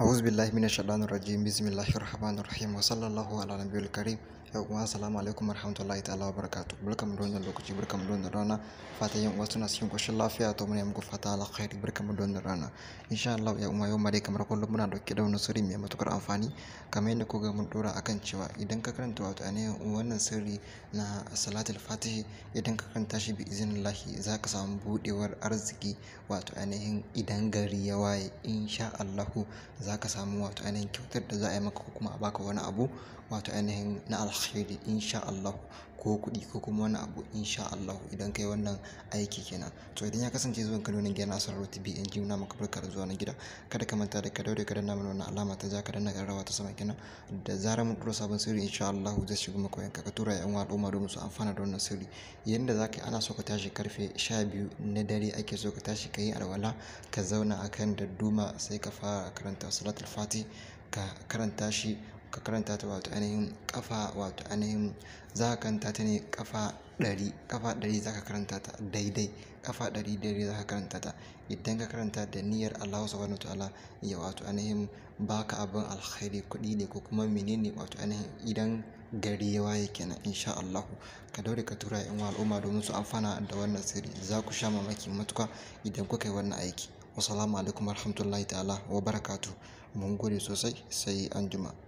أعوذ بالله من الشيطان الرجيم بسم الله الرحمن الرحيم وصلى الله على نبي الكريم yau kuma assalamu alaikum warahmatullahi ta'ala wa barakatu barkamu da wannan lokaci barkamu da wannan rana fatan yan uwa suna cikin koshin lafiya to muna muku fata alkhairi barkamu da wannan rana insha Allah ya umma yau ma kamar kullum muna dauke da wani sirri mai matukar amfani kamar yadda kuga mun dora akan cewa idan ka karanta wato ainihin wannan sirri na salatul fatihi idan ka karanta shi bi iznillahi za ka samu budewar arziki wato ainihin idan gari ya waye insha Allah za ka samu wato ainihin kyautar da za a yi maka ko kuma a baka wani abu wato ainihin na alkhairi alkhairi insha Allah ko kuɗi ko kuma wani abu insha Allah idan kai wannan aiki kenan to idan ya kasance zuwan ka nonin gyana sarar TV in ji maka barka da zuwa na gida kada ka manta da ka daure ka danna mana wannan alama ta ja ka danna rawa ta sama kenan da zarar mun tura sabon sirri insha Allah zai shiga maka yanka ka tura yan al'umma domin su amfana da wannan sirri yanda za ka ana so ka tashi karfe sha biyu na dare ake so ka tashi ka yi alwala ka zauna akan dadduma sai ka fara karanta salatul fati ka karanta shi ka karanta ta wato ainihin kafa wato ainihin za ka karanta ta ne kafa ɗari kafa ɗari za ka karanta ta daidai kafa ɗari daidai za ka karanta ta idan ka karanta da niyyar Allah subhanahu wa ta'ala ya wato ainihin baka abin alkhairi kuɗi ne ko kuma menene wato ainihin idan gari ya waye kenan insha Allah ka daure ka tura yan al'umma domin su amfana da wannan sirri za ku sha mamaki matuka idan kuka yi wannan aiki wassalamu alaikum warahmatullahi ta'ala wa barakatu mun gode sosai sai anjima